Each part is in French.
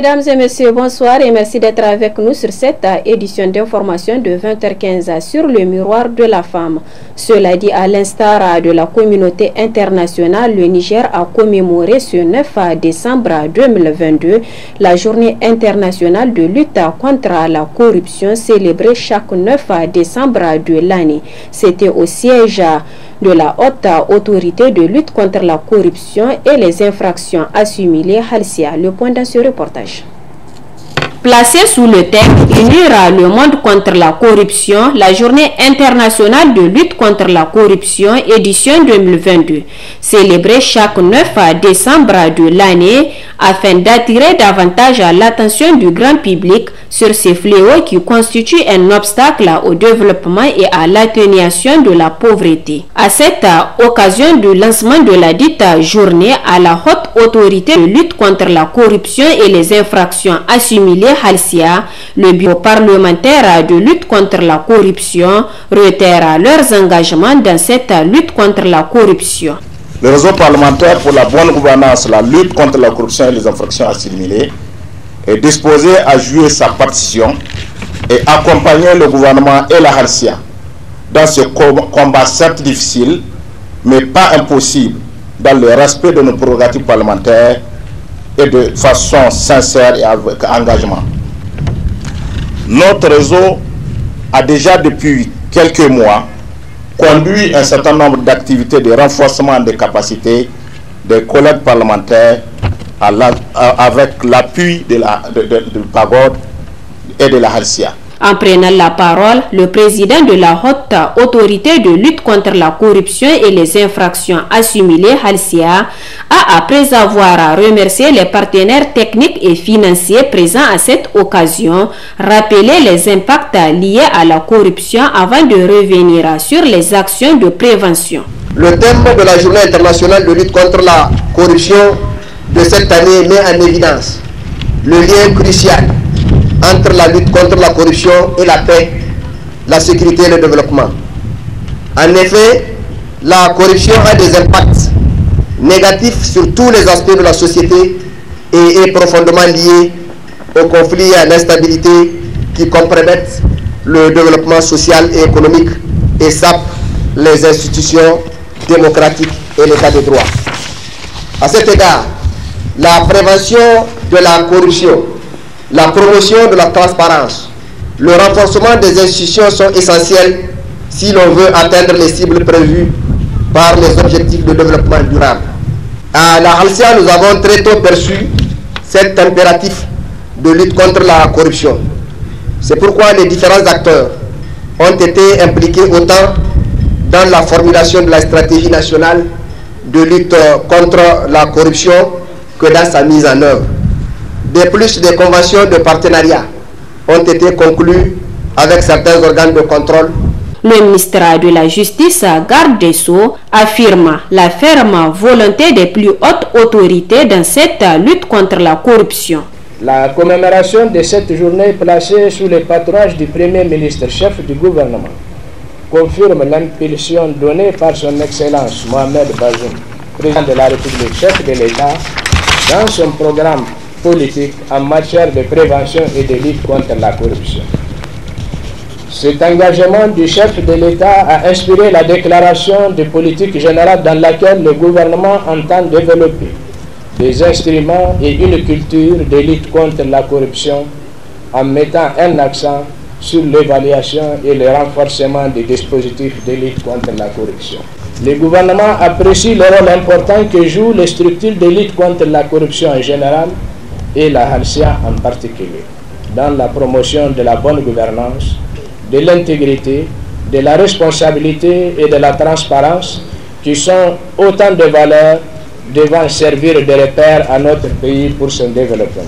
Mesdames et messieurs, bonsoir et merci d'être avec nous sur cette euh, édition d'information de 20h15 sur le miroir de la femme. Cela dit, à l'instar euh, de la communauté internationale, le Niger a commémoré ce 9 euh, décembre 2022 la journée internationale de lutte contre la corruption célébrée chaque 9 décembre de l'année. C'était au siège de la haute autorité de lutte contre la corruption et les infractions assimilées Halcia. Le point dans ce reportage. Placée sous le thème Unira le monde contre la corruption, la journée internationale de lutte contre la corruption édition 2022, célébrée chaque 9 décembre de l'année afin d'attirer davantage l'attention du grand public sur ces fléaux qui constituent un obstacle au développement et à l'atténuation de la pauvreté. À cette occasion du lancement de la dite journée à la haute autorité de lutte contre la corruption et les infractions assimilées Halsia, le bureau parlementaire de lutte contre la corruption réitère leurs engagements dans cette lutte contre la corruption. Le réseau parlementaire pour la bonne gouvernance, la lutte contre la corruption et les infractions assimilées est disposé à jouer sa partition et accompagner le gouvernement et la Halsia dans ce combat certes difficile, mais pas impossible, dans le respect de nos prorogatives parlementaires et de façon sincère et avec engagement. Notre réseau a déjà depuis quelques mois conduit un certain nombre d'activités de renforcement des capacités des collègues parlementaires avec l'appui du la, et de la Halcia. En prenant la parole, le président de la haute autorité de lutte contre la corruption et les infractions assimilées, Halcia, a, après avoir remercié les partenaires techniques et financiers présents à cette occasion, rappelé les impacts liés à la corruption avant de revenir sur les actions de prévention. Le thème de la journée internationale de lutte contre la corruption de cette année met en évidence le lien crucial entre la lutte contre la corruption et la paix, la sécurité et le développement. En effet, la corruption a des impacts négatifs sur tous les aspects de la société et est profondément liée aux conflits et à l'instabilité qui compromettent le développement social et économique et sapent les institutions démocratiques et l'état de droit. À cet égard, la prévention de la corruption la promotion de la transparence, le renforcement des institutions sont essentiels si l'on veut atteindre les cibles prévues par les objectifs de développement durable. À la Halcia, nous avons très tôt perçu cet impératif de lutte contre la corruption. C'est pourquoi les différents acteurs ont été impliqués autant dans la formulation de la stratégie nationale de lutte euh, contre la corruption que dans sa mise en œuvre plus, des conventions de partenariat ont été conclues avec certains organes de contrôle le ministère de la Justice, garde des Sceaux, affirme la ferme volonté des plus hautes autorités dans cette lutte contre la corruption. La commémoration de cette journée placée sous le patronage du Premier ministre-chef du gouvernement confirme l'impulsion donnée par son Excellence Mohamed Bazoum, président de la République, chef de l'État, dans son programme politique en matière de prévention et de lutte contre la corruption. Cet engagement du chef de l'État a inspiré la déclaration de politique générale dans laquelle le gouvernement entend développer des instruments et une culture de lutte contre la corruption en mettant un accent sur l'évaluation et le renforcement des dispositifs de lutte contre la corruption. Le gouvernement apprécie le rôle important que jouent les structures de lutte contre la corruption en général et la Hansia en particulier, dans la promotion de la bonne gouvernance, de l'intégrité, de la responsabilité et de la transparence, qui sont autant de valeurs devant servir de repère à notre pays pour son développement.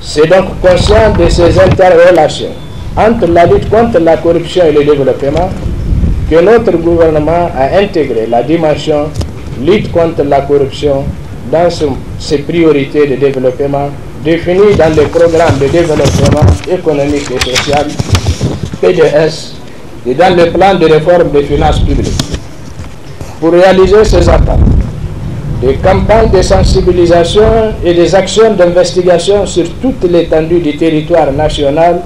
C'est donc conscient de ces interrelations entre la lutte contre la corruption et le développement que notre gouvernement a intégré la dimension lutte contre la corruption dans ses priorités de développement définies dans le programme de développement économique et social, PDS, et dans le plan de réforme des finances publiques. Pour réaliser ces attentes, des campagnes de sensibilisation et des actions d'investigation sur toute l'étendue du territoire national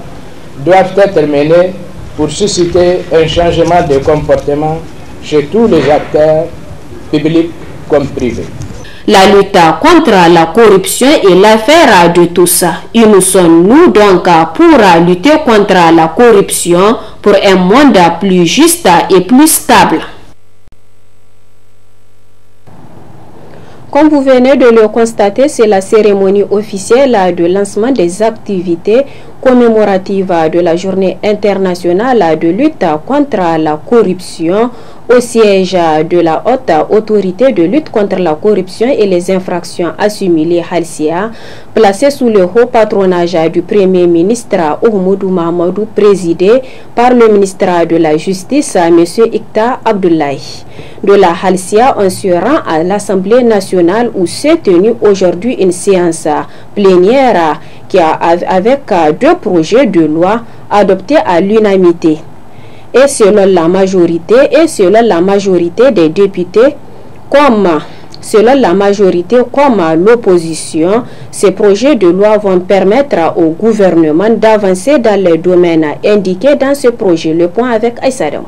doivent être menées pour susciter un changement de comportement chez tous les acteurs, publics comme privés. La lutte contre la corruption est l'affaire de tous. Et nous sommes nous donc pour lutter contre la corruption pour un monde plus juste et plus stable. Comme vous venez de le constater, c'est la cérémonie officielle de lancement des activités commémoratives de la journée internationale de lutte contre la corruption au siège de la haute autorité de lutte contre la corruption et les infractions assimilées Halsia, placé sous le haut patronage du Premier ministre Oumoudou Mamadou, présidé par le ministre de la Justice, M. Ikta Abdoulaye. De la Halsia, on se rend à l'Assemblée nationale où s'est tenue aujourd'hui une séance plénière qui a, avec deux projets de loi adoptés à l'unanimité et selon la majorité et selon la majorité des députés comme Selon la majorité comme l'opposition, ces projets de loi vont permettre au gouvernement d'avancer dans les domaines indiqués dans ce projet. Le point avec Aïsadam.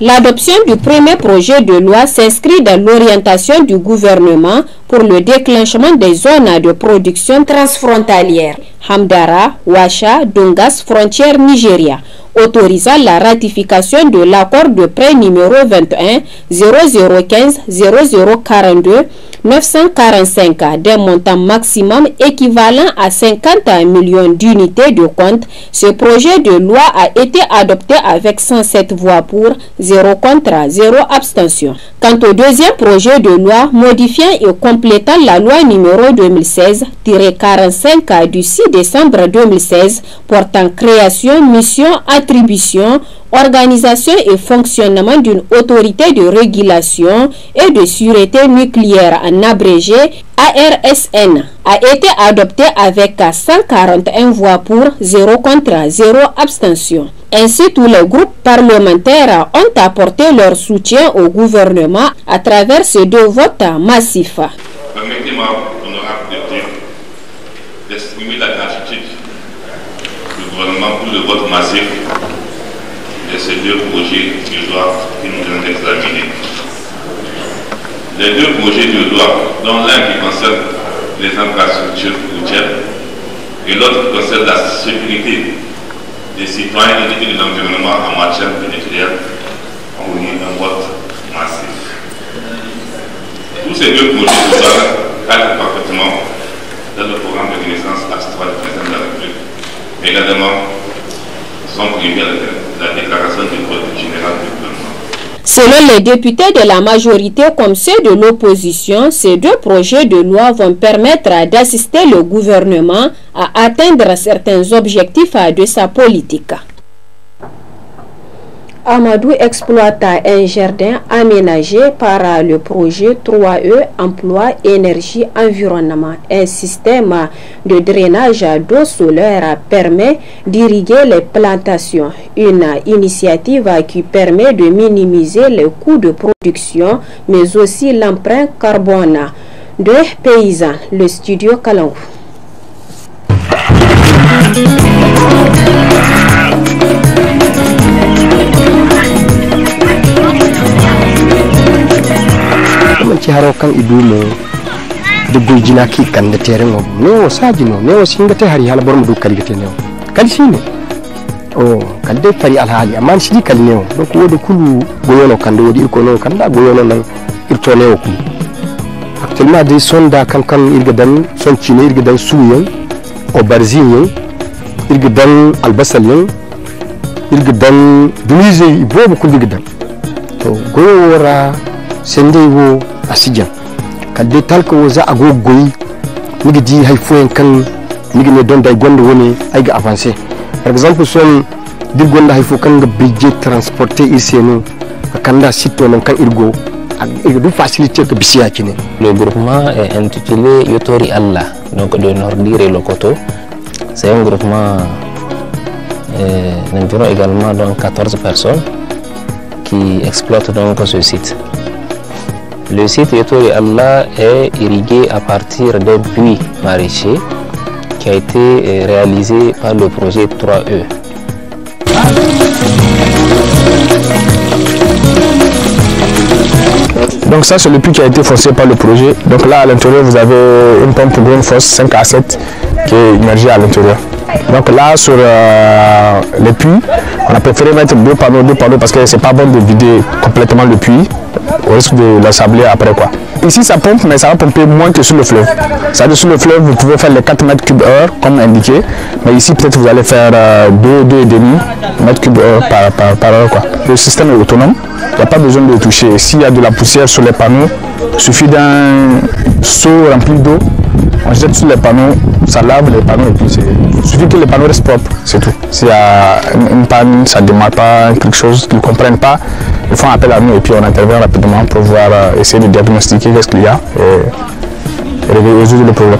L'adoption du premier projet de loi s'inscrit dans l'orientation du gouvernement pour le déclenchement des zones de production transfrontalière. Hamdara, Ouacha, Dongas, frontière Nigeria autorisant la ratification de l'accord de prêt numéro 21 0015 0042 945 d'un montant maximum équivalent à 50 millions d'unités de compte. Ce projet de loi a été adopté avec 107 voix pour, 0 contre, 0 abstention. Quant au deuxième projet de loi modifiant et complétant la loi numéro 2016-45 du 6 décembre 2016 portant création, mission, attribution, organisation et fonctionnement d'une autorité de régulation et de sûreté nucléaire en abrégé ARSN a été adopté avec 141 voix pour, 0 contre, 0 abstention. Ainsi, tous les groupes parlementaires ont apporté leur soutien au gouvernement à travers ces deux votes massifs. Permettez-moi, honorable d'exprimer la gratitude du gouvernement pour le vote massif de ces deux projets qui nous examinés les deux projets de loi, dont l'un qui concerne les infrastructures routières et l'autre qui concerne la sécurité des citoyens et de l'environnement en matière pénitentiaire, ont eu un vote massif. Tous ces deux projets de loi cadrent parfaitement dans le programme de renaissance astrale du président de la République, mais également sont privés de la déclaration du Code général du Selon les députés de la majorité comme ceux de l'opposition, ces deux projets de loi vont permettre d'assister le gouvernement à atteindre certains objectifs de sa politique. Amadou exploita un jardin aménagé par le projet 3E Emploi Énergie Environnement. Un système de drainage d'eau solaire permet d'irriguer les plantations, une initiative qui permet de minimiser les coûts de production mais aussi l'empreinte carbone des paysans. Le studio Kalangou. haro kan idumo da gurjina ki kan da tere no ne wo saji no ne wo singa te hari halbor mu dukkali gite ne kal ne o kan dai fari alhali amma shi kal ne wo don ko da kulu goyono kan da wodi ko no kan da goyono nan irto ne wo ku actuellement dai son da kan kan irga dan son cine irga dan o aubergine irga dan albasal irga dan dunize ibo bu kulu irga dan to goyo wora sai dai wo asijan kalde talka wo za a go goyi migi di haifoyen kan migi ne don dai gonda wani ai ga avance for example son duk gonda haifo kan ga bije transporte isenu kanda sito non kan irgo du faciliter ko bisiya kine le groupement est intitulé yotori allah donc de nordire lokoto c'est un groupement euh, nous avons également donc 14 personnes qui exploitent donc ce site le site et est irrigué à partir d'un puits maraîcher qui a été euh, réalisé par le projet 3E. Donc ça c'est le puits qui a été forcé par le projet. Donc là à l'intérieur vous avez une pompe une fosse 5 à 7 qui est immergée à l'intérieur. Donc là sur euh, le puits, on a préféré mettre deux panneaux, deux panneaux parce que c'est pas bon de vider complètement le puits au risque de l'assembler après quoi. Ici ça pompe, mais ça va pomper moins que sur le fleuve. ça à sur le fleuve, vous pouvez faire les 4 mètres cubes heure comme indiqué, mais ici peut-être vous allez faire 2, euh, 2,5 mètres cubes heure par, par, par, heure. Quoi. Le système est autonome, il n'y a pas besoin de le toucher. S'il y a de la poussière sur les panneaux, il suffit d'un seau rempli d'eau on jette sur les panneaux, ça lave les panneaux et puis Il suffit que les panneaux restent propres, c'est tout. S'il y a une panne, ça ne démarre pas, quelque chose qu'ils ne comprennent pas, ils font appel à nous et puis on intervient rapidement pour voir, euh, essayer de diagnostiquer ce qu'il y a et résoudre le problème.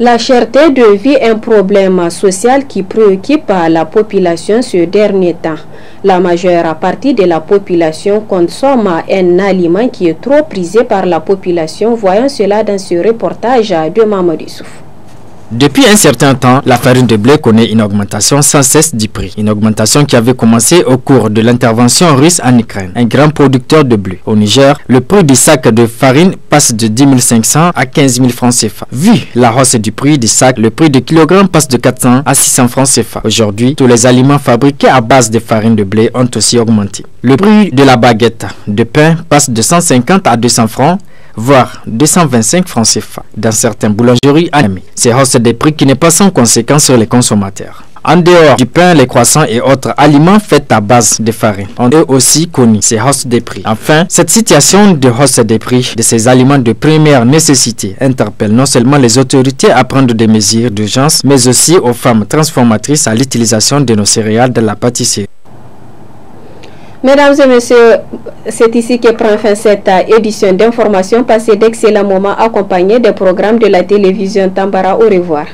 La cherté de vie est un problème social qui préoccupe la population ce dernier temps. La majeure partie de la population consomme un aliment qui est trop prisé par la population. Voyons cela dans ce reportage de Mamadou Souf. Depuis un certain temps, la farine de blé connaît une augmentation sans cesse du prix. Une augmentation qui avait commencé au cours de l'intervention russe en Ukraine. Un grand producteur de blé. Au Niger, le prix du sac de farine passe de 10 500 à 15 000 francs CFA. Vu la hausse du prix du sac, le prix du kilogramme passe de 400 à 600 francs CFA. Aujourd'hui, tous les aliments fabriqués à base de farine de blé ont aussi augmenté. Le prix de la baguette de pain passe de 150 à 200 francs voire 225 francs CFA dans certaines boulangeries animées. C'est hausse des prix qui n'est pas sans conséquence sur les consommateurs. En dehors du pain, les croissants et autres aliments faits à base de farine ont eux aussi connu ces hausses des prix. Enfin, cette situation de hausse des prix de ces aliments de première nécessité interpelle non seulement les autorités à prendre des mesures d'urgence, mais aussi aux femmes transformatrices à l'utilisation de nos céréales de la pâtisserie. Mesdames et messieurs, c'est ici que prend fin cette euh, édition d'information passée d'excellents moments accompagnés des programmes de la télévision Tambara. Au revoir.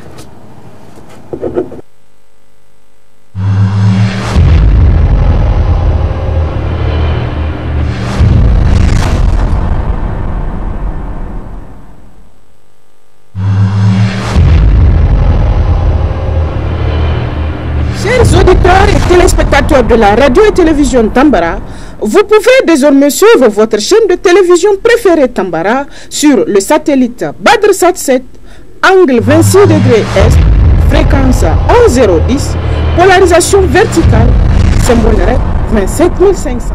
de la radio et télévision Tambara, vous pouvez désormais suivre votre chaîne de télévision préférée Tambara sur le satellite Sat 7, angle 26 degrés Est, fréquence 1010, polarisation verticale, symbole 27500.